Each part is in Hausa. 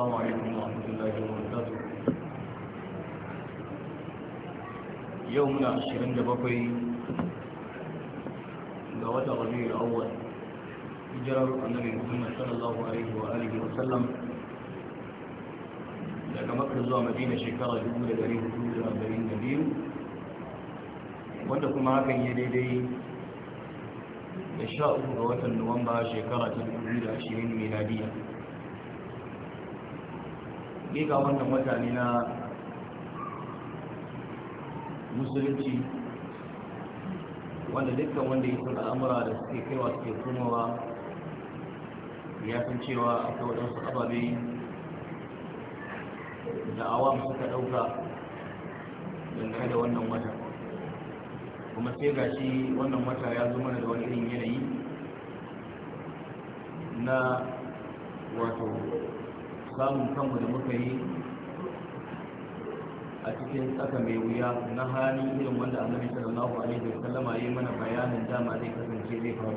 السلام عليكم ورحمة الله وبركاته يومنا عشرين دبقي قوات ربيع الأول إجرار النبي محمد صلى الله عليه وآله وسلم daga makar madina shekara 1442 wanda kuma hakan ya daidai da sha uku ga watan nuwamba shekara ta 2020 ne ga wannan mutane na musulunci wanda dukkan wanda ya san al'amura da suke kaiwa suke komawa ya san cewa akwai waɗansu ababe da awam suka ɗauka dangane da wannan wata kuma sai ga shi wannan wata ya zo mana da wani irin yanayi na wato samun kanmu da muka yi a cikin tsaka mai wuya na hali irin wanda annabi sallallahu alaihi wa sallama yi mana bayanin dama zai kasance zai faru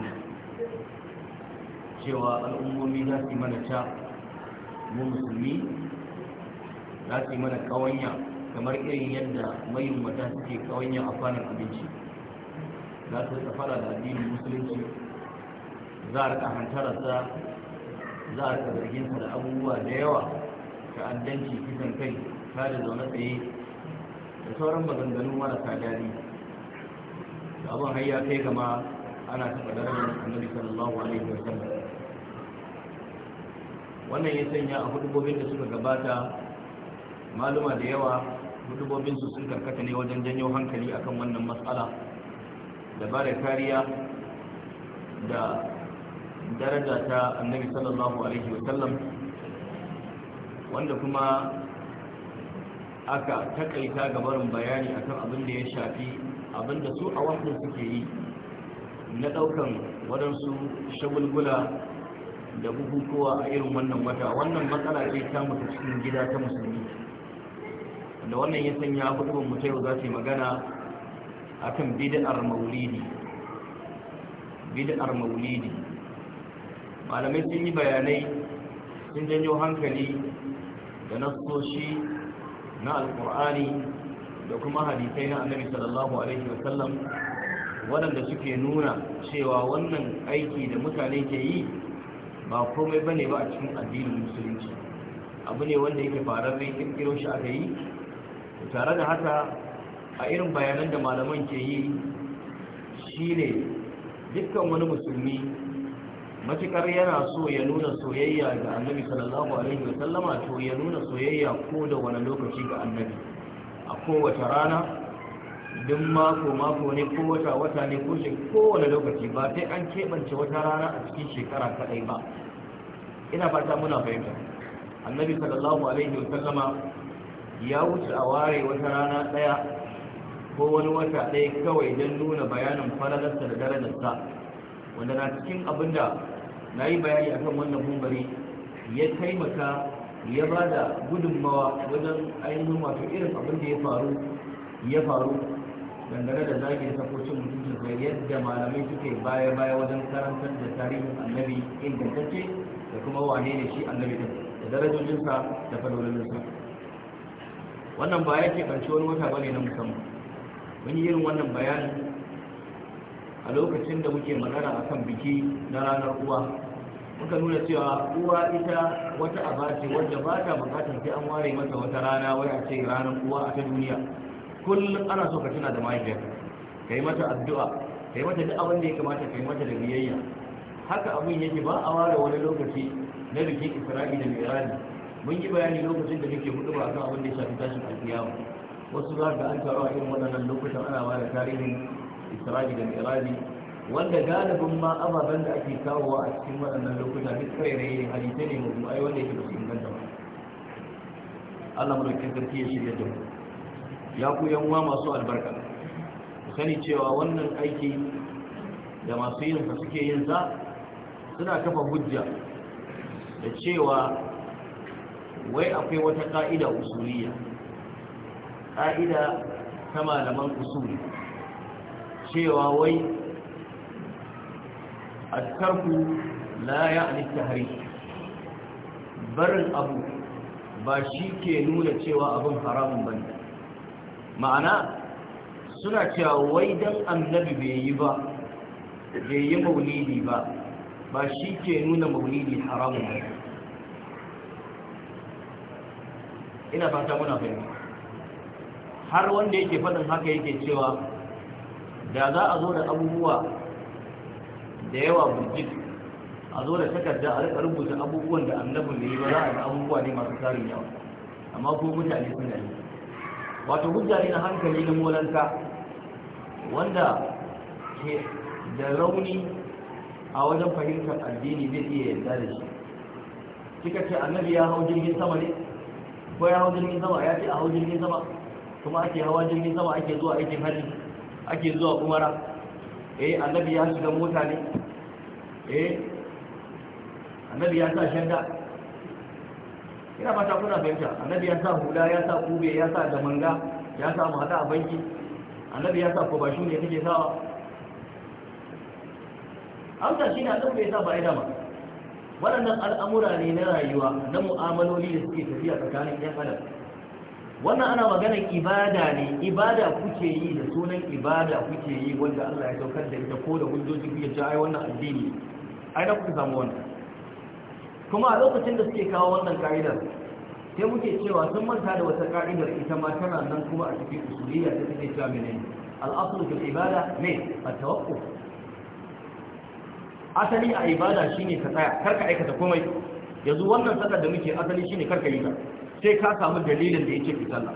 cewa al'ummomi za su yi mana ca mu musulmi za su yi mana kawanya kamar irin yadda mayin mata suke kawanya a kwanan abinci za su tsafara da addinin musulunci za a rika hantararsa za a zargin sa da abubuwa da yawa ta'addanci kisan kai ta da zaune tsaye da sauran maganganu marasa daɗi da abin har kai gama ana taɓa darajar annabi sallallahu alaihi wa sallam wannan ya sanya a hudubobin da suka gabata maluma da yawa hudubobin su sun karkata ne wajen janyo hankali akan wannan matsala da ba da kariya da daraja ta annabi sallallahu alaihi wasallam wanda kuma aka takaita gabarin bayani akan abin da ya shafi abin da su a wannan suke yi na daukan waɗansu shagulgula da bukukuwa a irin wannan wata wannan matsala ce ta mutu cikin gida ta musulmi da wannan ya sanya hukumar mu yau za su magana akan bid'ar maulidi bid'ar maulidi malamai sun yi bayanai sun janyo hankali da nasoshi na alkur'ani da kuma hadisai na annabi sallallahu alaihi wasallam waɗanda suke nuna cewa wannan aiki da mutane ke yi ba komai ba ne ba a cikin addinin musulunci abu ne wanda yake mai kirkiro shi aka yi tare da haka a irin bayanan da malaman ke yi shine dukkan wani musulmi matukar yana so ya nuna soyayya ga annabi sallallahu alaihi sallama to ya nuna soyayya ko da wani lokaci ga annabi a kowace rana duk mako mako ne ko wata wata ne ko kowane lokaci ba sai an keɓance wata rana a cikin shekara kaɗai ba ina fata muna fahimta annabi sallallahu alaihi sallama ya wuce a ware wata rana ɗaya ko wani wata ɗaya kawai don nuna bayanin falalarsa da darajarsa wanda na cikin abin da na yi bayani a kan wannan mumbari ya taimaka ya ba da gudunmawa wajen ainihin wato irin abin da ya faru ya faru dangane da zagin sakocin mutuncin sai yadda malamai suke baya baya wajen karantar da tarihin annabi ingantacce da kuma wane ne shi annabi din da darajojinsa da fadolinsa wannan ba ya keɓance wani wata bane na musamman mun yi irin wannan bayanin a lokacin da muke magana akan biki na ranar uwa muka nuna cewa uwa ita wata abace wadda ba ta bukatar sai an ware mata wata rana wai a ce ranar uwa a ta duniya kullum ana so ka tuna da mahaifiyar ka yi mata addu'a ka yi mata duk abin da ya kamata ka yi mata da biyayya haka abin yake ba a ware wani lokaci na bikin isra'i da mirani mun yi bayani lokacin da muke hudu ba a kan abin da ya shafi tashin alkiyama wasu za ka an taru a irin waɗannan lokutan ana ware tarihin isra'i da mirani wanda galibin ma ababen da ake kawowa a cikin waɗannan lokuta duk kairayi ne halittai ne mutum ai wanda yake basu inganta ba Allah mulkin sarki ya shirya da ya ku yan uwa masu albarka ku sani cewa wannan aiki da masu yin sa suke yin sa suna kafa hujja da cewa wai akwai wata ka'ida usuliya ka'ida ta malaman usuli cewa wai الترك لا يعني التحريف barin abu ba shi ke nuna cewa abin haramun ba ne ma'ana suna cewa wai don annabi bai yi ba bai yi maulidi ba ba shi ke ba ina fata muna fahimta har wanda yake faɗin haka yake cewa da za a zo da abubuwa da yawa burgit a zo da takarda a rika rubuta abubuwan da annabin da yi ba za a ga abubuwa ne masu tarin yawa amma ko mutane suna yi wato hujja ne na hankali na molanta wanda ke da rauni a wajen fahimtar addini zai iya yarda da shi kika ce annabi ya hau jirgin sama ne ko ya hau jirgin sama ya ce a hau jirgin sama kuma ake hawa jirgin sama ake zuwa aikin hajji ake zuwa umara eh annabi ya shiga mota ne eh annabi ya sa shanda ina fata kuna fahimta annabi ya sa hula ya sa kube ya sa damanga ya sa mu a banki annabi ya sa ko ba shi ne kake sawa amsa shine annabi bai sa ba dama, waɗannan al'amura ne na rayuwa na mu'amaloli da suke tafiya tsakanin 'yan adam wannan ana magana ibada ne ibada kuke yi da sunan ibada kuke yi wanda Allah ya saukar da ita ko da hujjoji kuke ce ai wannan addini ai da kuka samu wannan kuma a lokacin da suke kawo wannan ka'ida sai muke cewa sun manta da wata ka'idar ita ma tana nan kuma a cikin usuliyya ta take cewa mene al-aslu fil ibada ne at-tawakkuf asali a ibada shine ka tsaya karka aikata komai yanzu wannan sallar da muke asali shine karka yi ka. sai ka samu dalilin da ya ce ka sallah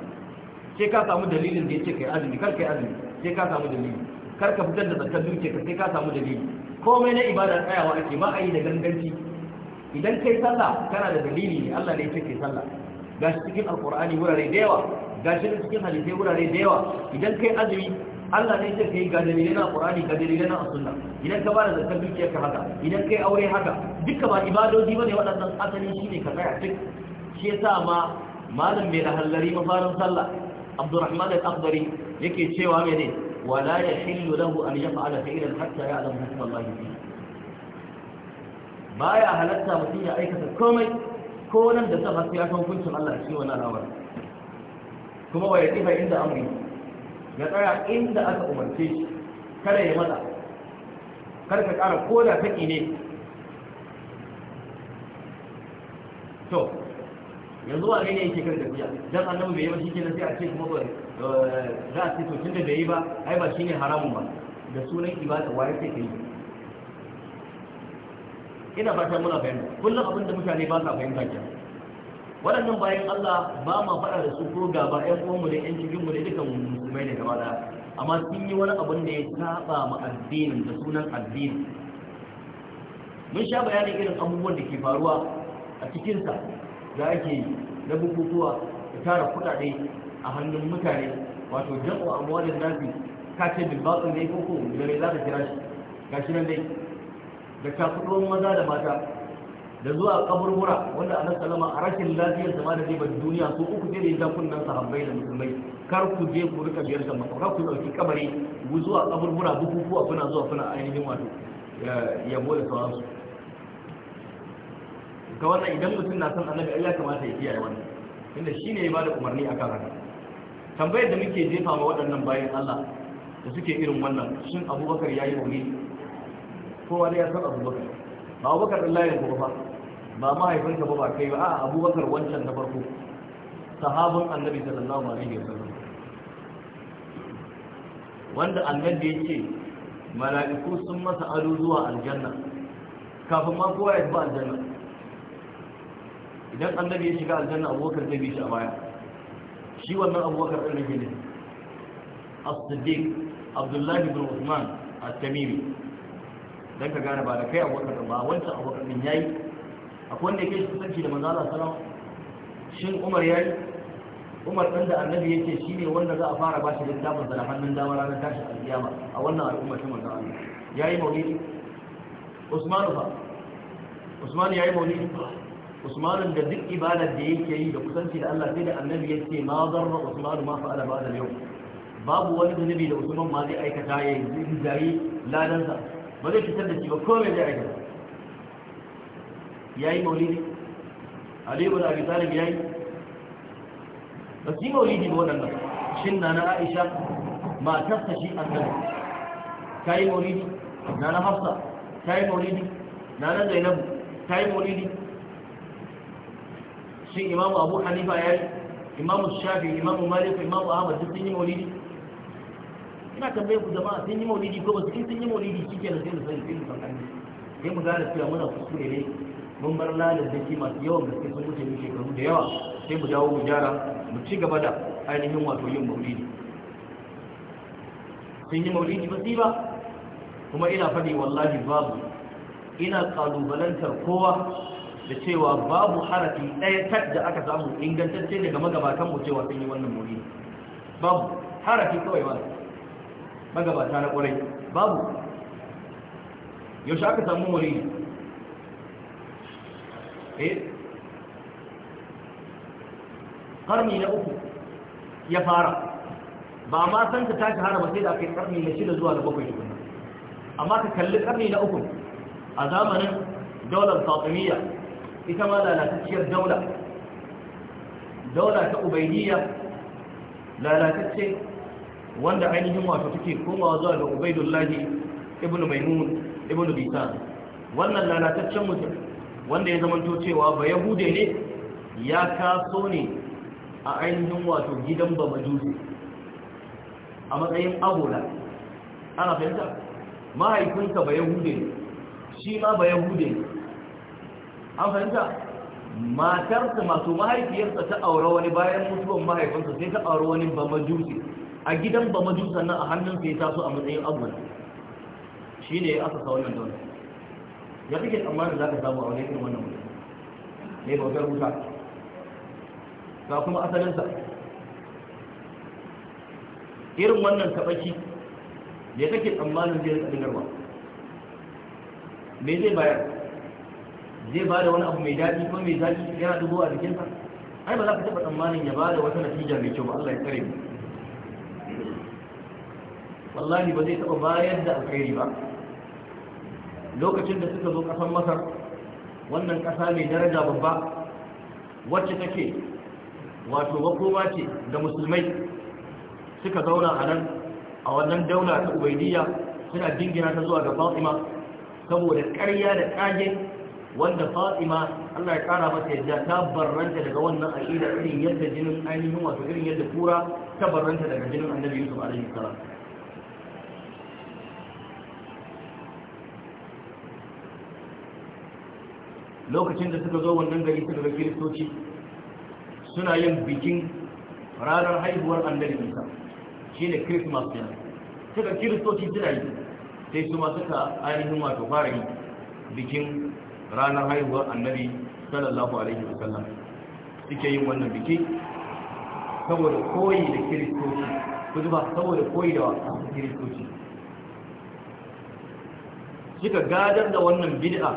sai ka samu dalilin da ya ce ka yi azumi kar ka yi azumi sai ka samu dalili kar ka fitar da zakar dukiya ka sai ka samu dalili komai na ibada tsayawa ake ba a yi da ganganci idan kai sallah kana da dalili ne Allah ne ya ce ka yi sallah gashi cikin alkur'ani wurare da yawa gashi cikin hadisai wurare da yawa idan kai azumi Allah ne ka yi ga dalilai na alkur'ani ga dalilai na asunna idan ka bada zakar dukiyar ka haka idan kai aure haka duka ba ibadoji bane waɗannan asali shine ka tsaya duk shi yasa ma malam mai lahallari mafarin sallah abdurrahman al-akhdari yake cewa mene wala yahillu lahu an yaf'ala fi'lan hatta ya'lam hukm Allah fihi baya halatta mutum ya aikata komai ko nan da safa sai ya san hukuncin Allah shi wannan al'amari kuma wa yaqifa inda amri ya tsaya inda aka umarce shi kada ya mata kar ka ƙara koda taki ne to yanzu wane ne yake kan tafiya dan annabi bai yi ba shikenan sai a ce kuma ba eh, za a ce to tunda bai yi ba ai ba shine haramun ba da sunan ibada waye sai kai ina ta muna fahimta kullum abin da mutane ba sa fahimta ke waɗannan bayan Allah ba ma faɗa da su ko gaba ƴan uwanmu da ƴan cikinmu da dukkan musulmai ne gaba da amma sun yi wani abin da ya saba ma addinin da sunan addini mun sha bayanin irin abubuwan da ke faruwa a cikinsa da ake yi na bukukuwa da tara kudade a hannun mutane wato jam'u amwalin nazi ka ce bilbatsin ne ko ko da mai za ka kira shi ga shi nan dai da kafuɗuwan maza da mata da zuwa kaburbura wanda a nasa salama a rashin lafiyar sama da zai duniya ko uku ne da ya kunnan sahabbai da musulmai kar ku je ku rika biyar da kar ku dauki kabari zuwa kaburbura bukukuwa kuna zuwa kuna ainihin wato eh, yabo da sauransu ga wannan idan mutum na son annabi ai ya kamata ya kiyaye wannan inda shine ya bada umarni akan haka tambayar da muke jefa ma waɗannan bayan Allah da suke irin wannan shin Abubakar yayi ummi ko wani ya san Abubakar ba Abubakar Allah ya ko ba ba mahaifinka ba ba kai ba a Abubakar wancan na farko sahabin annabi sallallahu alaihi wasallam wanda annabi yake mala'iku sun masa ado zuwa aljanna kafin ma kowa ya zuwa aljanna idan annabi ya shiga aljanna abubakar zai bi shi a baya shi wannan abubakar ɗan rufe ne as-siddiq abdullahi bin usman at-tamimi dan ka gane ba da kai abubakar ba wancan abubakar din yayi akwai wanda yake shi kusanci da manzo Allah sallallahu shin Umar yayi Umar dan da annabi yake shi ne wanda za a fara ba shi littafin da hannun dama ranar tashi alkiyama a wannan al'umma ta manzo Allah yayi maulidi Usman fa Usman yayi maulidi usman da duk ibadar da yake yi da kusanci da Allah sai da annabi yace ma zarra usman ma fa'ala ba'da yau babu wani zunubi da usman ma zai aikata ya yi zai ladansa ba zai fitar da shi ba komai zai aikata yayi maulidi ali ibn abi talib yayi ba shi maulidi ba wannan shin na na aisha matar ta shi annabi tayi maulidi na na hafsa tayi maulidi na na zainabu tayi maulidi shi imam abu hanifa ya yi imam shafi imam malik imam ahmad duk sun yi maulidi ina tambaye ku jama'a sun yi maulidi ko ba su sun yi maulidi shi ke da sai da sai da sai sai mu gane cewa muna kuskure ne mun bar lalin da masu yawan gaske sun wuce mu shekaru da yawa sai mu dawo mu gyara mu ci gaba da ainihin wato yin maulidi sun yi maulidi ba sai ba kuma ina faɗi wallahi babu ina kalubalantar kowa da cewa babu harafi ɗaya tak da aka samu ingantacce daga magabatan mu cewa sun yi wannan muri babu harafi kawai ba magabata na ƙwarai babu yaushe aka samu muri eh karni na uku ya fara ba ma san ta tashi hana ba sai da aka yi karni na shida zuwa da bakwai shi amma ka kalli karni na uku a zamanin Dolar fatimiyya ita ma lalatacciyar daula daula ta ubaidiyya lalatacce wanda ainihin wato take komawa zuwa ga ubaidullahi ibn maimun ibn bisan wannan lalataccen mutum wanda ya zamanto cewa ba yahude ne ya kaso ne a ainihin wato gidan ba majusi a matsayin abola ana fahimta mahaifinka ba yahude ne shi ma ba yahude ne an fahimta matarsa masu mahaifiyarsa ta aure wani bayan mutuwan mahaifinsa sai ta aure wani bamajusi a gidan bamajusan nan a hannun sai ta so a matsayin abuwan shi ne ya asasa wannan dauna ya fi ke tsammanin za ka samu a wani irin wannan mutum ne bautar wuta ga kuma asalinsa irin wannan taɓaki ne kake tsammanin zai rikadin garba me zai bayar zai ba da wani abu mai daɗi ko mai daɗi yana dubo a jikinsa ai ba za ka taɓa tsammanin ya ba da wata natija mai kyau ba Allah ya tsare mu wallahi ba zai taɓa bayar da alkhairi ba lokacin da suka zo ƙasar masar wannan ƙasa mai daraja babba wacce take wato makoma ce da musulmai suka zauna a nan a wannan dauna ta ubaidiyya suna dingina ta zuwa ga fatima saboda ƙarya da ƙage wanda fatima Allah ya kara mata yadda ta barranta daga wannan aqida irin yadda jinin ainihin wato irin yadda kura ta barranta daga jinin annabi Yusuf alaihi salam lokacin da suka zo wannan gari suka ga kiristoci suna yin bikin ranar haihuwar annabi Isa shine Christmas din suka kiristoci suna yi sai su ma suka ainihin wato fara yi bikin ranar haihuwar annabi sallallahu alaihi wasallam suke yin wannan biki saboda koyi da kiristoci kuji zuba saboda koyi da kiristoci suka gadar da wannan bid'a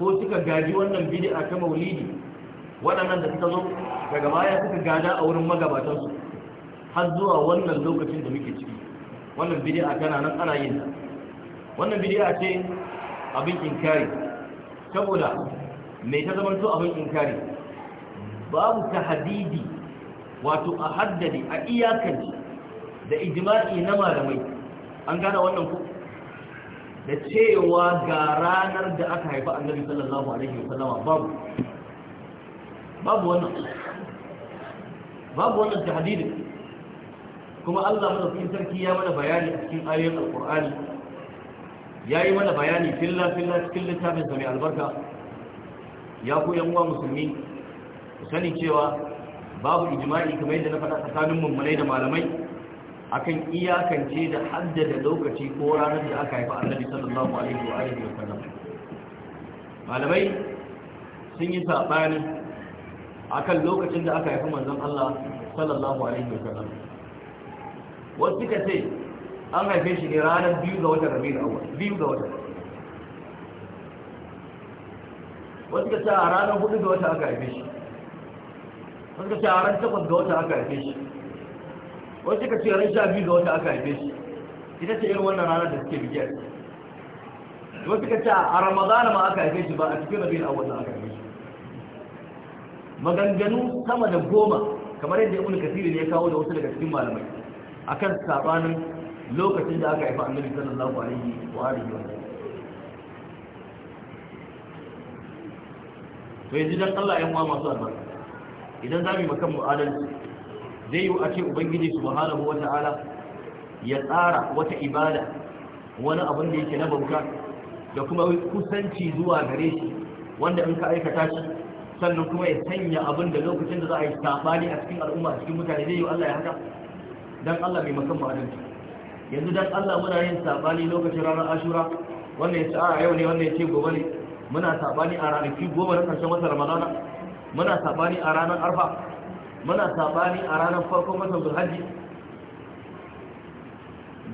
ko suka gaji wannan bid'a ta maulidi waɗannan da suka zo daga baya suka gada a wurin magabatansu har zuwa wannan lokacin da muke ciki wannan bid'a tana nan ana yin ta wannan bid'a ce abin inkari saboda mai ta zama to abin inkari babu hadidi wato a haddadi a iyakanci da ijimaki na malamai an gane wannan ku da cewa ga ranar da aka haifa annabi sallallahu alaihi wasallama babu babu wannan babu wannan hadidi kuma Allah mazaukin sarki ya mana bayani a cikin ayoyin alkur'ani ya yi mana bayani filla-filla cikin littafinsa mai albarka ya ku uwa musulmi ku sani cewa babu ijima'i kamar yadda na faɗa tsakanin mummunai da malamai akan iyakance da haddada lokaci ko ranar da aka haifa annabi sallallahu alaihi wa alihi wa sallam malamai sun yi sabani akan lokacin da aka haifa manzon Allah sallallahu alaihi wa sallam wasu suka ce an haife shi ne ranar biyu ga watan da awwal biyu ga watan wasu ka ce a ranar hudu ga wata aka haife shi wasu ka ce a ranar takwas ga wata aka haife shi wasu ka ce ran sha biyu ga wata aka haife shi ita ce irin wannan ranar da suke bigiyar wasu ka ce a ramadana ma aka haife shi ba a cikin da awwal aka haife shi maganganu sama da goma kamar yadda ibnu kasiri ne ya kawo da wasu daga cikin malamai akan sabanin lokacin da aka haifa annabi sallallahu alaihi wa alihi wa sallam to yanzu dan Allah ya muwa masu albarka idan zamu yi makan mu'adalci zai yi a ce ubangiji subhanahu wa ta'ala ya tsara wata ibada wani abin da yake na bauta da kuma kusanci zuwa gare shi wanda in ka aikata shi sannan kuma ya sanya abin da lokacin da za a yi sabani a cikin al'umma a cikin mutane zai yi Allah ya haka dan Allah mai makan mu'adalci yanzu dan Allah muna yin sabani lokacin ranar ashura wannan ya ce a yau ne wannan ya ce gobe ne muna sabani a ranaki goma na karshen watan ramadana muna sabani a ranar arfa muna sabani a ranar farkon watan zulhajji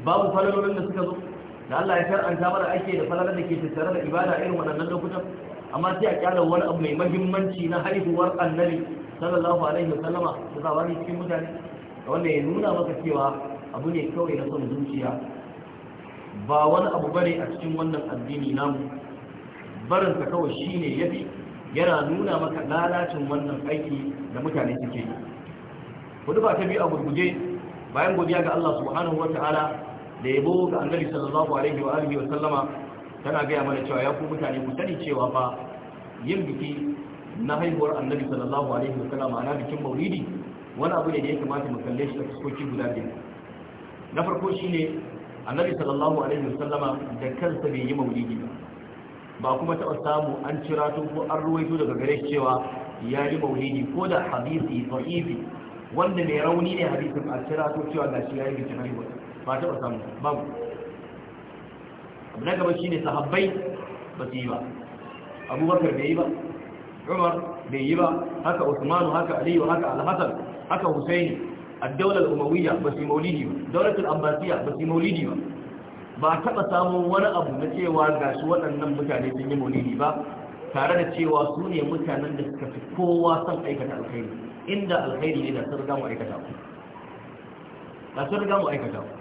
babu falalolin da suka zo da Allah ya karanta mana ake da falalar da ke tattare da ibada irin waɗannan lokutan amma sai a kyala wani abu mai mahimmanci na haihuwar annabi sallallahu alaihi wa sallama da zabani cikin mutane wanda ya nuna maka cewa abu ne kawai na son zuciya ba wani abu bane a cikin wannan addini namu barinsa kawai shine yafi yana nuna maka lalacin wannan aiki da mutane suke yi hudu ba ta biyu a gurguje bayan godiya ga Allah subhanahu wa ta'ala da yabo ga annabi sallallahu alaihi wa alihi wa sallama tana gaya mana cewa ya ku mutane ku sani cewa fa yin biki na haihuwar annabi sallallahu alaihi wa sallama na bikin maulidi wani abu ne da ya kamata mu kalle shi a kuskoki guda biyu na farko shi ne annabi sallallahu alaihi wasallama da kansa bai yi maulidi ba ba kuma taɓa samu an cira tun ko an ruwaito daga gare shi cewa ya yi maulidi ko da hadisi da'ifi wanda mai rauni ne hadisin a cira to cewa ga shi ya yi bincin haihuwa ba taɓa samu babu abu na gaba shine sahabbai ba su yi ba abubakar bai yi ba umar bai yi ba haka usmanu haka aliyu haka alhassan haka husaini addawlar umawiyya ba su maulidi ba daulatul abbasiyya ba su maulidi ba taɓa samun wani abu na cewa ga su waɗannan mutane sun yi maulidi ba tare da cewa su ne mutanen da suka fi kowa son aikata alkhairi inda alkhairi ne da sun riga mu aikata ku da sun riga aikata ku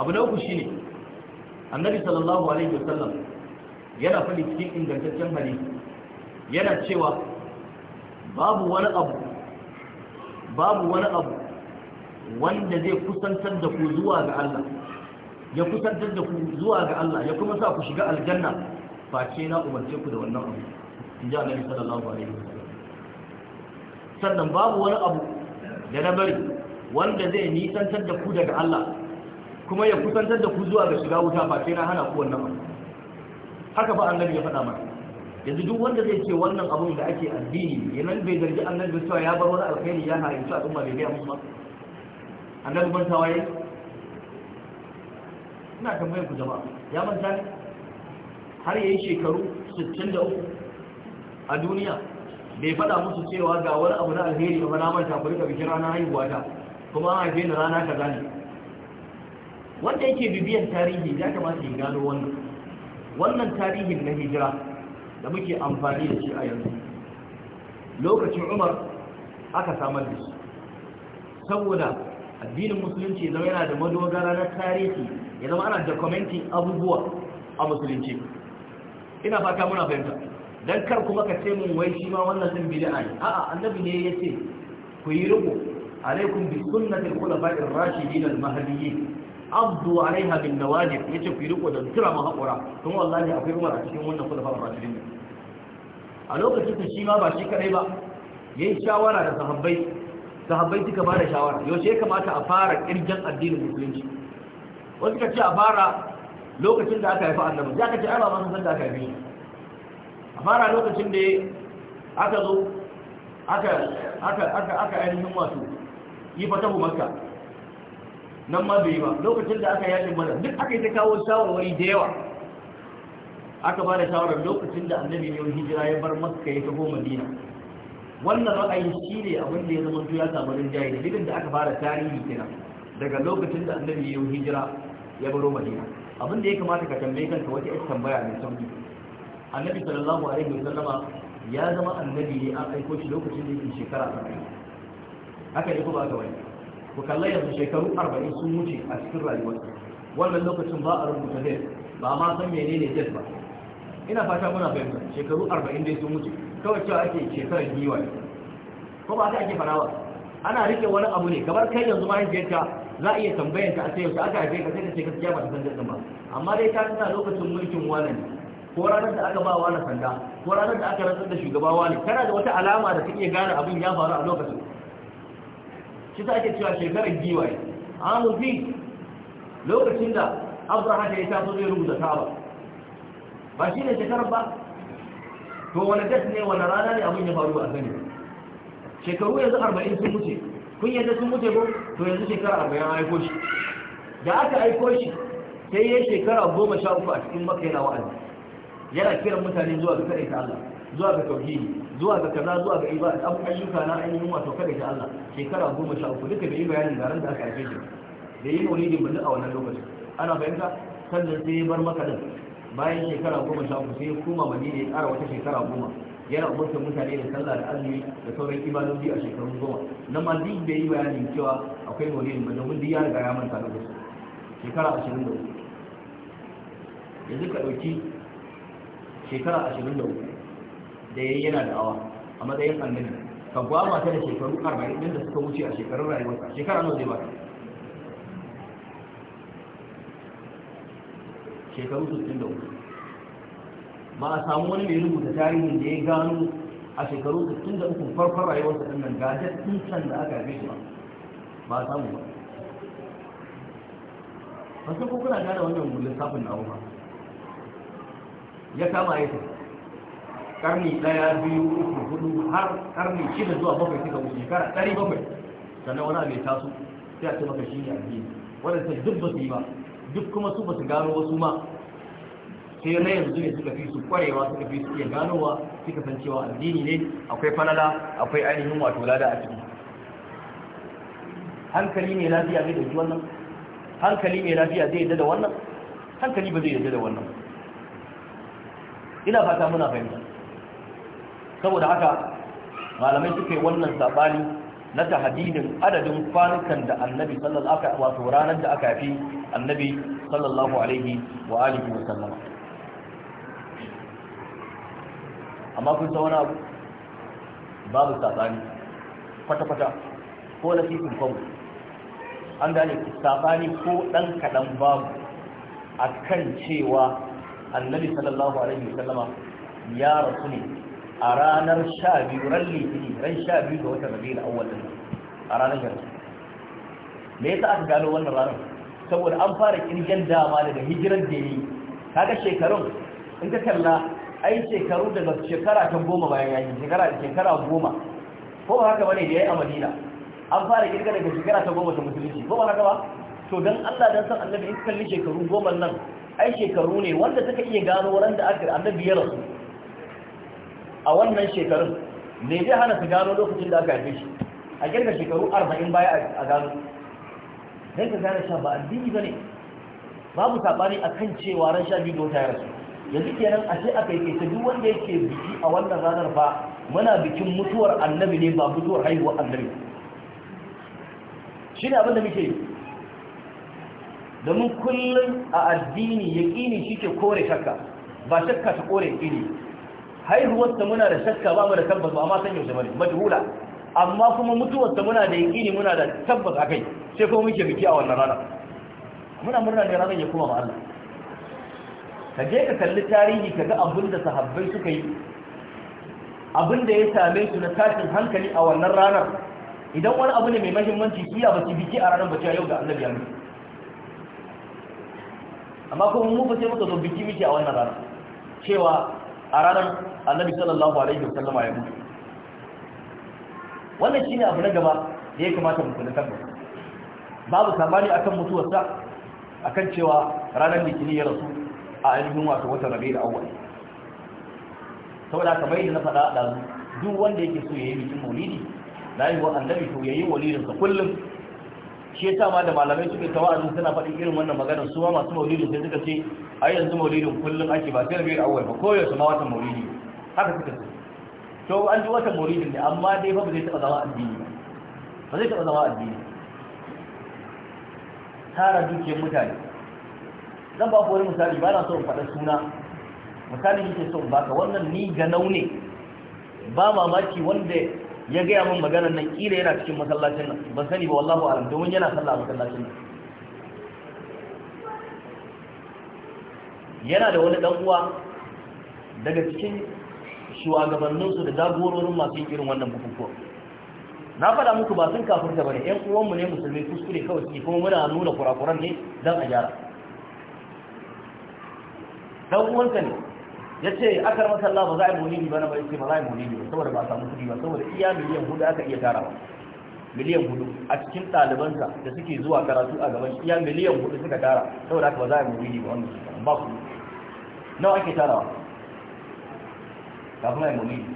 abu na uku shi ne. annabi sallallahu alaihi wasallam yana faɗi cikin ingantaccen hadisi yana cewa babu wani abu babu wani abu wanda zai kusantar da ku zuwa ga Allah ya kusantar da ku zuwa ga Allah ya kuma sa ku shiga aljanna face na umarce ku da wannan abu in ji annabi sallallahu alaihi wasallam sannan babu wani abu da na bari wanda zai nisantar da ku daga Allah kuma ya kusantar da ku zuwa ga shiga wuta face na hana ku wannan abu haka ba annabi ya faɗa mana yanzu duk wanda zai ce wannan abun da ake addini yanan bai zargi annabi cewa ya bar wani alkhairi ya su al'umma bai biya musu ba annabi ban tawaye ina tambayar ku jama'a ya manta ne har yayi shekaru 63 a duniya bai faɗa musu cewa ga wani abu na alheri ba na manta ku rika bikin rana haihuwa ta kuma an haife ni rana kaza ne wanda yake bibiyar tarihi ya kamata ya gano wannan wannan tarihin na hijira da muke amfani da shi a yanzu lokacin umar aka samar da shi saboda addinin musulunci zama yana da madogara na tarihi ya zama ana documenting abubuwa a musulunci ina fata muna fahimta don kar kuma ka ce mun wai shi ma wannan din bid'a ne a'a annabi ne ce. ku yi riko alaikum bi sunnatil al-khulafa'ir rashidin al-mahdiyyin abdu alaiha bin nawajib yace ku riko da tura mu hakura don wallahi akwai Umar a cikin wannan kulafa rajulin a lokacin da shi ma ba shi kadai ba yayin shawara da sahabbai sahabbai suka bada shawara yaushe ya kamata a fara kirjan addinin musulunci wasu ka ce a fara lokacin da aka haifa annabi ya kace ce ai ba masu san da aka haife a fara lokacin da aka zo aka aka aka aka ainihin wato yi fatahu makka nan ma bai ba lokacin da aka yaƙin bada duk aka yi ta kawo shawarwari da yawa aka ba da shawarar lokacin da annabi ya hijira ya bar makka ya taho madina wannan ra'ayi shi ne abin da ya zama ya samu rinjaye dalilin da aka fara tarihi kina daga lokacin da annabi ya hijira ya baro madina abin da ya kamata ka tambaye kanka wata ita tambaya mai sauki annabi sallallahu alaihi wasallama ya zama annabi ne an aiko shi lokacin da yake shekara 70 haka ne ko ba ka wani ku kalla yanzu shekaru arba'in sun wuce a cikin rayuwarsa wannan lokacin ba a rubuta ne ba ma san menene date ba ina fata muna fahimta shekaru arba'in dai sun wuce kawai cewa ake shekarar giwa ne ko ba ake farawa ana rike wani abu ne kamar kai yanzu mahaifiyarka za a iya tambayar ka a sai yaushe aka haife ka sai ka ce gaskiya ba ta san date ba amma dai ta tana lokacin mulkin wannan ne ko ranar da aka ba wa na sanda ko ranar da aka rantsar da shugaba wani kana da wata alama da ta iya gane abin ya faru a lokacin shi sa ake cewa shekarar giwaye amu fi lokacin da abraha da ya taso zai rubuta kaba ba shi ne shekarar ba to wani das ne wani rana ne abin ya faru a sani shekaru yanzu arba'in sun wuce kun yadda sun wuce ko to yanzu shekara arba'in an aiko shi da aka aiko shi sai ya shekara goma sha uku a cikin maka yana wa'azi yana kiran mutane zuwa ga kaɗai ta Allah zuwa ga tauhidi zuwa ga kaza zuwa ga ibada abu ayyuka na ainihin wato kada ta Allah shekara goma sha uku duka da yi bayanin garin da aka haife shi da yi maulidin bin a wannan lokacin ana fahimta sannan sai ya bar maka din bayan shekara goma sha uku sai ya koma madina ya ƙara wata shekara goma yana umurtar mutane da sallah da azumi da sauran ibadoji a shekarun goma nan ma duk da yi bayanin cewa akwai maulidin bin domin duk ya riga ya manta lokacin shekara ashirin da uku yanzu ka ɗauki shekara ashirin da uku da yi yana da awa a matsayin annabi ka gwama ta da shekaru arba'in din da suka wuce a shekarun rayuwarsa shekara nawa zai ba shekaru 63 ba a samu wani mai rubuta tarihin da ya gano a shekaru da uku farkon rayuwarsa din nan ga dattin can da aka haife ba ba a samu ba wasu sai ko kuna gane wannan lissafin safin ba ya kama aikin karni daya biyu uku hudu har karni shida zuwa bakwai suka wuce shekara ɗari bakwai sannan wani abu ya taso sai a ce maka shi ne addini wadanda duk ba su yi ba duk kuma su ba su gano wasu ma sai na yanzu ne suka fi su kwarewa suka fi su iya ganowa suka san cewa addini ne akwai falala akwai ainihin wato lada a ciki hankali ne lafiya zai dauki wannan hankali ne lafiya zai yadda da wannan hankali ba zai yadda da wannan ina fata muna fahimta saboda haka malamai suke wannan sabani na tahadidin adadin kwanukan da annabi sallallahu alaihi wato ranar da aka fi annabi sallallahu alaihi wa alihi wa sallam amma kun san wani abu babu sabani kwata kwata ko na fitin kwamu an gane sabani ko dan kadan babu akan cewa annabi sallallahu alaihi wa sallama ya rasu ne a ranar sha biyu ran litini ran sha biyu ga watan rabi da awal din a ranar yanzu me yasa aka gano wannan ranar saboda an fara kirgen dama daga hijirar da yi kaga shekarun in ka kalla ai shekaru daga shekara ta goma bayan yi shekara da shekara goma ko ba haka bane da yayi a madina an fara kirga daga shekara ta goma ta musulunci ko ba haka ba to dan Allah dan san annabi in kalli shekaru goma nan ai shekaru ne wanda take iya gano ran da aka annabi ya rasu a wannan shekarun ne zai hana su gano lokacin da aka haife shi a girka shekaru arba'in baya a gano Zai ka gane sha ba addini ba ne babu saɓani a kan cewa ran sha biyu da wata ya rasu yanzu kenan a sai aka yi duk wanda yake biki a wannan ranar ba muna bikin mutuwar annabi ne ba mutuwar haihuwar annabi shi ne abin da muke yi domin kullum a addini ya shi ke kore shakka ba shakka ta kore ƙini haihuwarsa muna da shakka ba mu da tabbas ba amma san yaushe bane majhula amma kuma mutuwarsa muna da yaqini muna da tabbas akai sai kuma muke biki a wannan rana muna murna ne ranar ya kuma ma Allah ka je ka kalli tarihi ka ga abin da sahabbai suka yi abin da ya same su na tashin hankali a wannan ranar idan wani abu ne mai mahimmanci kiya ba su biki a ranar ba ta yau ga annabi yanzu amma kuma mu ba sai muka zo biki miki a wannan ranar cewa a ranar annabi sallallahu alaihi wa sallama ya mutu wannan shine abu na gaba da ya kamata mu kula kanmu babu sabani akan mutuwarsa akan cewa ranar litinin ya rasu a ainihin wato wata da awwal saboda kamar yadda na faɗa da duk wanda yake so yayi bikin maulidi da yi wa annabi to yayi walidin sa kullum shi ya ma da malamai suke tawazi suna faɗin irin wannan maganar su ma masu maulidin sai suka ce ai yanzu maulidin kullum ake ba sai da awwal ba koyaushe ma watan maulidi haka suka ce to an ji watan maulidin ne amma dai fa ba zai taɓa zama addini ba zai taɓa zama addini tara dukiyar mutane zan ba ku wani misali ba na so in faɗa suna misali yake so in baka wannan ni ga naune ba mamaki wanda ya gaya min maganar nan kila yana cikin masallacin nan ban sani ba wallahu alam domin yana sallah a masallacin nan yana da wani dan uwa daga cikin shugabanninsu da jagororin masu yin irin wannan bukukuwa na faɗa muku ba sun kafirta bane ƴan uwanmu ne musulmi kuskure kawai suke kuma muna nuna kurakuran ne dan a gyara dan uwanka ne ya ce akar masalla ba za a yi maulidi ba na ba ce ba za a yi maulidi ba saboda ba a samu kuɗi ba saboda iya miliyan hudu aka iya tara ba miliyan hudu a cikin ɗalibansa da suke zuwa karatu a gaban iya miliyan hudu suka tara saboda haka ba za a yi maulidi ba wannan shekaran ba ku nawa ake tarawa kafin a yi maulidi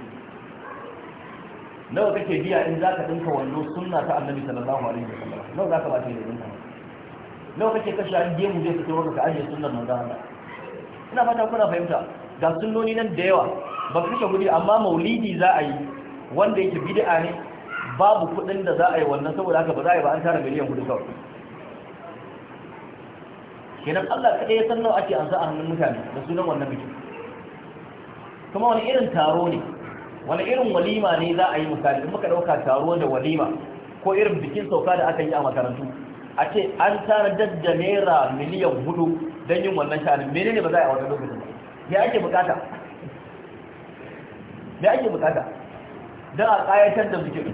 nawa kake biya in za ka ɗinka wando sunna ta annabi sallallahu alaihi wa sallam nawa za ka ba ta yi ɗinka nawa kake kashe an gemu zai fito wanda ka ajiye sunnar manzo Allah ina fata kuna fahimta ga sunnoni nan da yawa ba kashe kuɗi amma maulidi za a yi wanda yake bid'a ne babu kuɗin da za a yi wannan saboda haka ba za a yi ba an tara miliyan hudu kawai kenan Allah kaɗai ya san nawa ake an sa a hannun mutane da sunan wannan bikin kuma wani irin taro ne wani irin walima ne za a yi misali in muka ɗauka taro da walima ko irin bikin sauka da aka yi a makarantu a ce an tara da naira miliyan hudu don yin wannan shanin menene ba za a yi a wani lokacin ba ya ake bukata ya ake bukata don a kayatar da bikin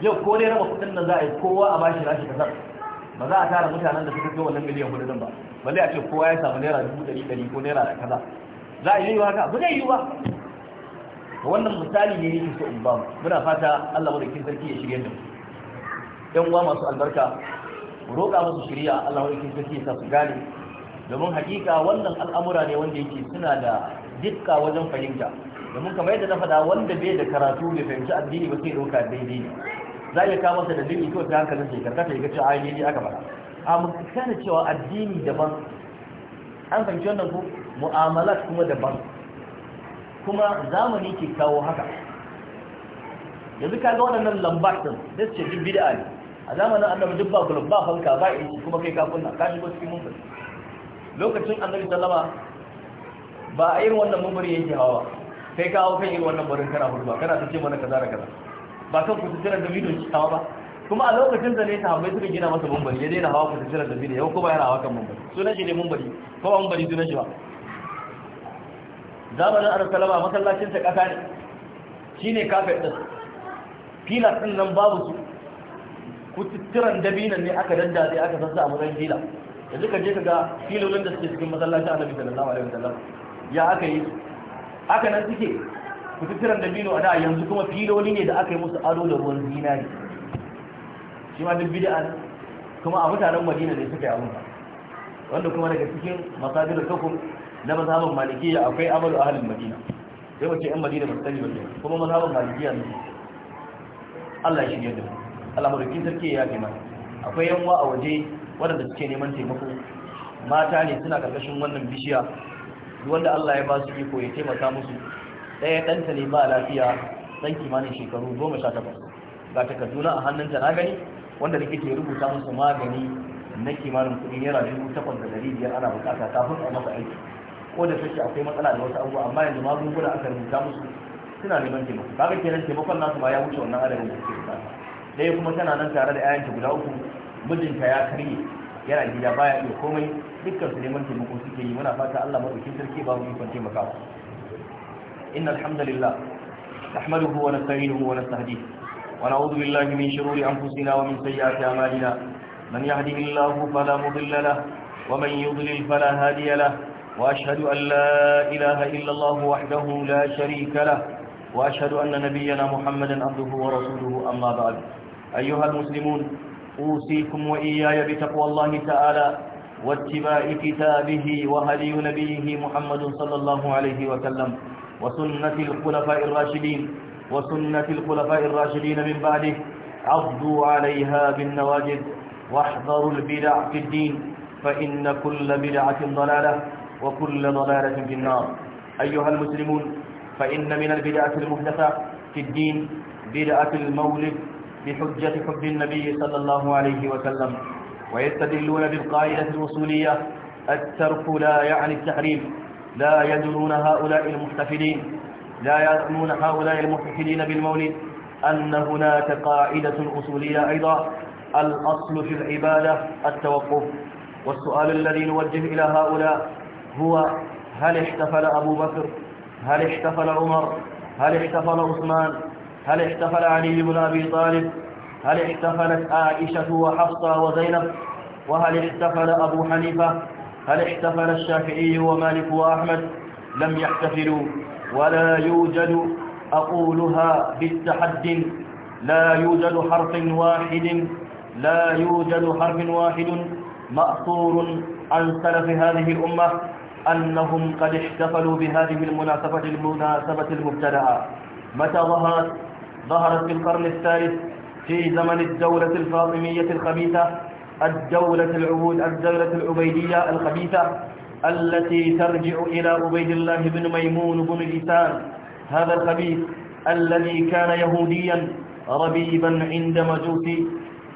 yau ko ne raba kudin da za a yi kowa a bashi rashi kasar ba za a tara mutanen da suka fi wannan miliyan kudin ba balle a ce kowa ya samu naira dubu dari dari ko naira da kaza za a yi yiwu haka ba zai yiwu ba wannan misali ne yake so in ba muna fata Allah kin sarki ya shirye da mu yan uwa masu albarka roƙa musu shirya Allah kin sarki ya sa su gane domin hakika wannan al'amura ne wanda yake suna da dukka wajen fahimta domin kamar yadda na faɗa wanda bai da karatu bai fahimci addini ba sai doka daidai ne za ka kama sa da dalili ito ta hankalin sai karka ta yi gaci a ne aka faɗa a mun kana cewa addini daban an fahimci wannan ku? mu'amalat kuma daban kuma zamani ke kawo haka yanzu ka ga waɗannan lambatin ɗin da su ce duk bid'a ne a zamanin annabi duk ba kulub ba fanka ba in kuma kai ka kunna ka shigo cikin mun lokacin annabi sallama ba a irin wannan mumbari yake hawa kai ka hau kan irin wannan barin kana hudu ba kana ta ce mana kaza da kaza ba kan kusurturar da bidon hawa ba kuma a lokacin da ne ta hambai suka gina masa mumbari ya daina hawa kusurturar da bidon yau kuma yana hawa kan mumbari sunan shi ne mumbari ko mumbari sunan shi ba zamanin annabi salama masallacinsa kasa ne Shi ne kafet da filas din nan babu su kututturan dabinan ne aka daddaze aka sassa a matsayin filas yanzu ka je ka ga filolin da suke cikin masallacin annabi sallallahu alaihi wasallam ya aka yi haka nan suke da bino a da yanzu kuma filoli ne da aka yi musu ado da ruwan zinari shi ma duk bid'a kuma a mutanen madina ne suka yi abun wanda kuma daga cikin masajidul kafin na mazhabin malikiya akwai amalu halin madina sai wace yan madina ba sani ba kuma mazhabin malikiya ne Allah shi ne da Allah madaukin sarki ya kai akwai akwai wa a waje waɗanda suke neman taimako mata ne suna ƙarƙashin wannan bishiya wanda Allah ya ba su iko ya taimaka musu ɗaya ɗanta ne ba lafiya ɗan kimanin shekaru goma sha takwas ga takarduna a hannunta na gani wanda likita ya rubuta musu magani na kimanin kuɗi naira dubu takwas da dari biyar ana buƙata kafin a masa aiki ko da sashi akwai matsala da wasu abubuwa amma yanzu magunguna aka rubuta musu suna neman taimako kaga kenan taimakon nasu ma ya wuce wannan adadin da suke buƙata ɗaya kuma tana nan tare da 'ya'yanta guda uku mijinka ya karye yana gida baya iya komai dukkan su neman taimako suke yi muna fata Allah madaukakin sarki ba mu yi kwance makawa innal hamdalillah nahmaduhu wa nasta'inuhu wa nastahdihi wa na'udhu billahi min shururi anfusina wa min sayyiati a'malina man yahdihillahu fala mudilla lahu wa man yudlil fala hadiya lahu وأشهد أن لا إله إلا الله وحده لا شريك له وأشهد أن نبينا محمدا عبده ورسوله أما بعد أيها المسلمون أوصيكم وإياي بتقوى الله تعالى واتباع كتابه وهدي نبيه محمد صلى الله عليه وسلم وسنة الخلفاء الراشدين وسنة الخلفاء الراشدين من بعده عضوا عليها بالنواجد واحذروا البدع في الدين فإن كل بدعة ضلالة وكل ضلالة في النار أيها المسلمون فإن من البدعة المحدثة في الدين بدعة المولد بحجة حب النبي صلى الله عليه وسلم ويستدلون بالقاعدة الوصولية الترك لا يعني التحريم لا يدرون هؤلاء المحتفلين لا يدرون هؤلاء المحتفلين بالمولد أن هناك قاعدة أصولية أيضا الأصل في العبادة التوقف والسؤال الذي نوجه إلى هؤلاء هو هل احتفل أبو بكر هل احتفل عمر هل احتفل عثمان هل احتفل علي بن أبي طالب هل احتفلت عائشة وحفصة وزينب وهل احتفل أبو حنيفة هل احتفل الشافعي ومالك وأحمد لم يحتفلوا ولا يوجد أقولها بالتحد لا يوجد حرف واحد لا يوجد حرف واحد مأثور عن سلف هذه الأمة أنهم قد احتفلوا بهذه المناسبة المناسبة المبتدعة متى ظهرت ظهرت في القرن الثالث في زمن الدولة الفاطمية الخبيثة الدولة العبود الدولة العبيدية الخبيثة التي ترجع إلى عبيد الله بن ميمون بن الإسان هذا الخبيث الذي كان يهوديا ربيبا عند مجوسي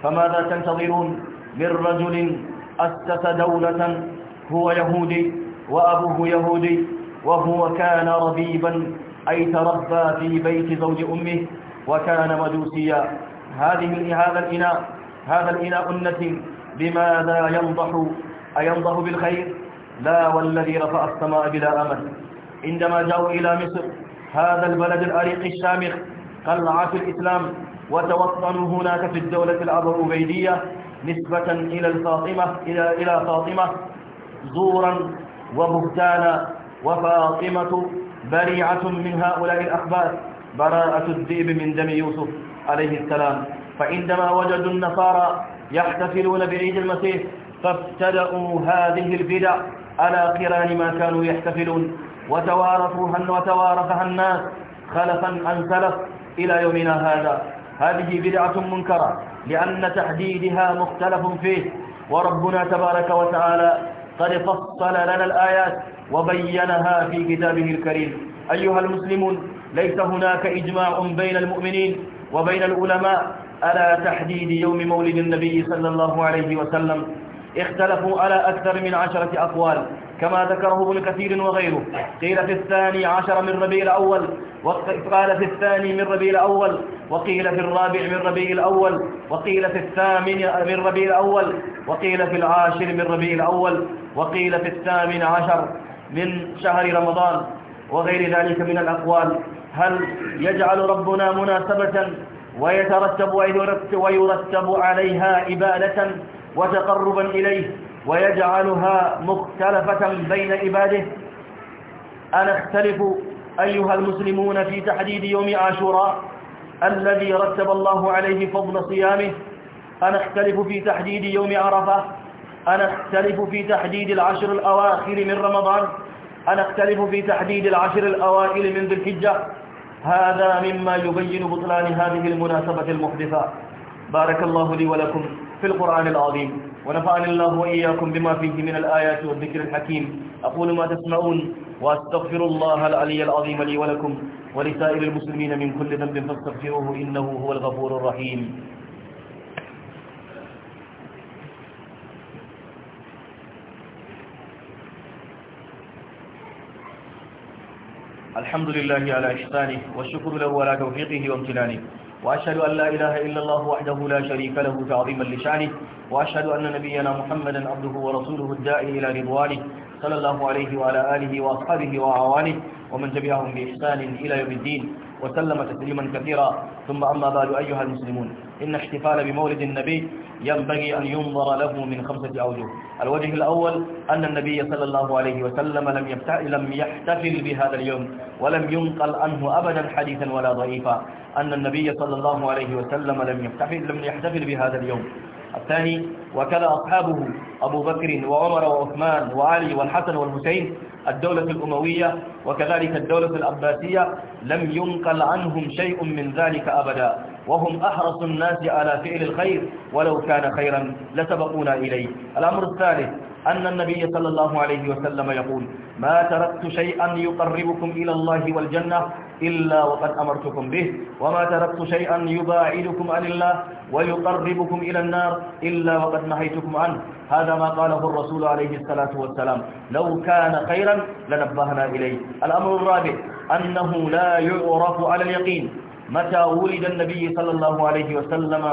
فماذا تنتظرون من رجل أسس دولة هو يهودي وأبوه يهودي وهو كان ربيبا أي تربى في بيت زوج أمه وكان مجوسيا هذه هذا الإناء هذا الإناء النتن بماذا ينضح أينضح بالخير لا والذي رفع السماء بلا أمل عندما جاءوا إلى مصر هذا البلد الأريق الشامخ قلعة الإسلام وتوطنوا هناك في الدولة العبوبيدية نسبة إلى الفاطمة إلى إلى فاطمة زورا وبهتانا وفاطمة بريعة من هؤلاء الأخبار براءة الذئب من دم يوسف عليه السلام فعندما وجدوا النصارى يحتفلون بعيد المسيح فابتدأوا هذه البدع على قران ما كانوا يحتفلون وتوارثوها وتوارثها الناس خلفا عن سلف إلى يومنا هذا هذه بدعة منكرة لأن تحديدها مختلف فيه وربنا تبارك وتعالى قد فصل لنا الآيات وبينها في كتابه الكريم أيها المسلمون ليس هناك إجماع بين المؤمنين وبين العلماء على تحديد يوم مولد النبي صلى الله عليه وسلم اختلفوا على أكثر من عشرة أقوال كما ذكره ابن كثير وغيره قيل في الثاني عشر من ربيع الأول وقال في الثاني من ربيع الأول وقيل في الرابع من ربيع الأول وقيل في الثامن من ربيع الأول وقيل في العاشر من ربيع الأول وقيل في الثامن عشر من شهر رمضان وغير ذلك من الأقوال هل يجعل ربنا مناسبة ويترتب ويرتب عليها إبادة وتقربا إليه ويجعلها مختلفة بين عباده أنا اختلف أيها المسلمون في تحديد يوم عاشوراء الذي رتب الله عليه فضل صيامه أنا اختلف في تحديد يوم عرفة أنا اختلف في تحديد العشر الأواخر من رمضان أنا اختلف في تحديد العشر الأوائل من ذي الحجة هذا مما يبين بطلان هذه المناسبة المحدثة بارك الله لي ولكم في القرآن العظيم ونفعني الله وإياكم بما فيه من الآيات والذكر الحكيم أقول ما تسمعون وأستغفر الله العلي العظيم لي ولكم ولسائر المسلمين من كل ذنب فاستغفروه إنه هو الغفور الرحيم الحمد لله على إحسانه والشكر له على توفيقه وامتنانه وأشهد أن لا إله إلا الله وحده لا شريك له تعظيما لشانه وأشهد أن نبينا محمدا عبده ورسوله الداعي إلى رضوانه صلى الله عليه وعلى آله وأصحابه وأعوانه ومن تبعهم بإحسان إلى يوم الدين وسلم تسليما كثيرا ثم أما بعد أيها المسلمون إن احتفال بمولد النبي ينبغي أن ينظر له من خمسة أوجه الوجه الأول أن النبي صلى الله عليه وسلم لم لم يحتفل بهذا اليوم ولم ينقل عنه أبدا حديثا ولا ضعيفا أن النبي صلى الله عليه وسلم لم يحتفل لم يحتفل بهذا اليوم الثاني وكان أصحابه أبو بكر وعمر وعثمان وعلي والحسن والحسين الدولة الأموية وكذلك الدولة الأباسية لم ينقل عنهم شيء من ذلك أبدا وهم أحرص الناس على فعل الخير ولو كان خيرا لسبقونا إليه الأمر الثالث أن النبي صلى الله عليه وسلم يقول ما تركت شيئا يقربكم إلى الله والجنة إلا وقد أمرتكم به وما تركت شيئا يباعدكم عن الله ويقربكم إلى النار إلا وقد نهيتكم عنه هذا ما قاله الرسول عليه الصلاة والسلام لو كان خيرا لنبهنا إليه الأمر الرابع أنه لا يعرف على اليقين متى ولد النبي صلى الله عليه وسلم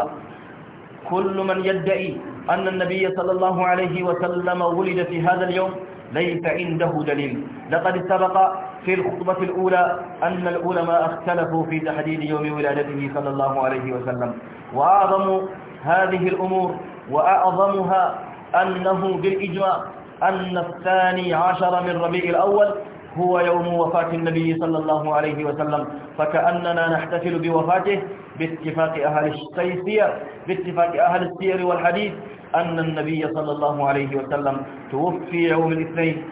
كل من يدعي أن النبي صلى الله عليه وسلم ولد في هذا اليوم ليس عنده دليل لقد سبق في الخطبة الأولى أن العلماء اختلفوا في تحديد يوم ولادته صلى الله عليه وسلم وأعظم هذه الأمور وأعظمها أنه بالإجماع أن الثاني عشر من ربيع الأول هو يوم وفاة النبي صلى الله عليه وسلم فكأننا نحتفل بوفاته باتفاق أهل السير باتفاق أهل السير والحديث أن النبي صلى الله عليه وسلم توفي يوم الاثنين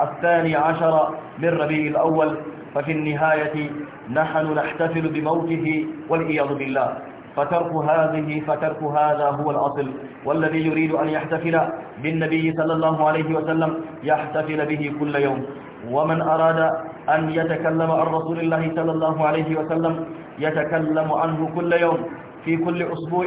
الثاني عشر من ربيع الأول ففي النهاية نحن نحتفل بموته والعياذ بالله فترك هذه فترك هذا هو الأصل والذي يريد أن يحتفل بالنبي صلى الله عليه وسلم يحتفل به كل يوم ومن أراد أن يتكلم عن رسول الله صلى الله عليه وسلم يتكلم عنه كل يوم في كل أسبوع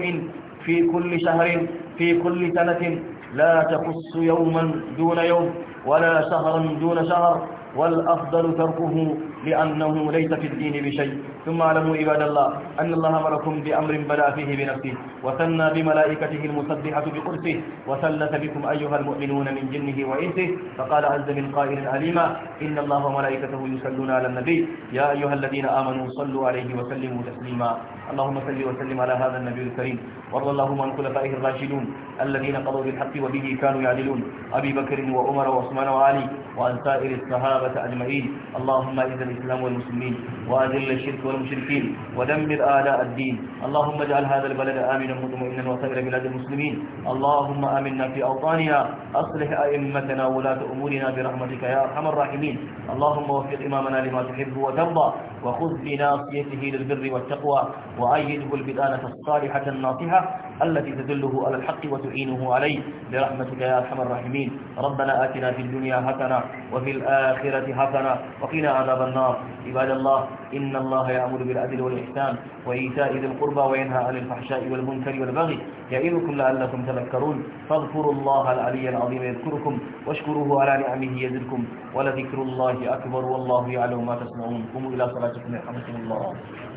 في كل شهر في كل سنة لا تخص يوما دون يوم ولا شهرا دون شهر والأفضل تركه لأنه ليس في الدين بشيء ثم علموا إباد الله أن الله مركم بأمر بلا فيه بنفسه وثنى بملائكته المصدحة بقرسه وثلث بكم أيها المؤمنون من جنه وإنسه فقال عز من قائل عليما إن الله وملائكته يسلون على النبي يا أيها الذين آمنوا صلوا عليه وسلموا تسليما اللهم صل وسلم على هذا النبي الكريم وارض اللهم عن خلفائه الراشدون الذين قضوا بالحق وبه كانوا يعدلون أبي بكر وعمر وعثمان وعلي وعن سائر الصحابة أجمعين اللهم إذن الإسلام والمسلمين وأذل الشرك والمشركين ودمر آلاء الدين اللهم اجعل هذا البلد آمنا مطمئنا وسائر بلاد المسلمين اللهم آمنا في أوطاننا أصلح أئمتنا ولاة أمورنا برحمتك يا أرحم الراحمين اللهم وفق إمامنا لما تحب وترضى وخذ بناصيته للبر والتقوى وأيده البدانة الصالحة الناصحة التي تدله على الحق وتعينه عليه برحمتك يا أرحم الراحمين ربنا آتنا في الدنيا حسنة وفي الآخرة حسنة وقنا عذاب النار النار عباد الله إن الله يأمر بالعدل والإحسان وإيتاء ذي القربى وينهى عن الفحشاء والمنكر والبغي يعظكم لعلكم تذكرون فاذكروا الله العلي العظيم يذكركم واشكروه على نعمه يزدكم ولذكر الله أكبر والله يعلم ما تصنعون قوموا إلى صلاتكم يرحمكم الله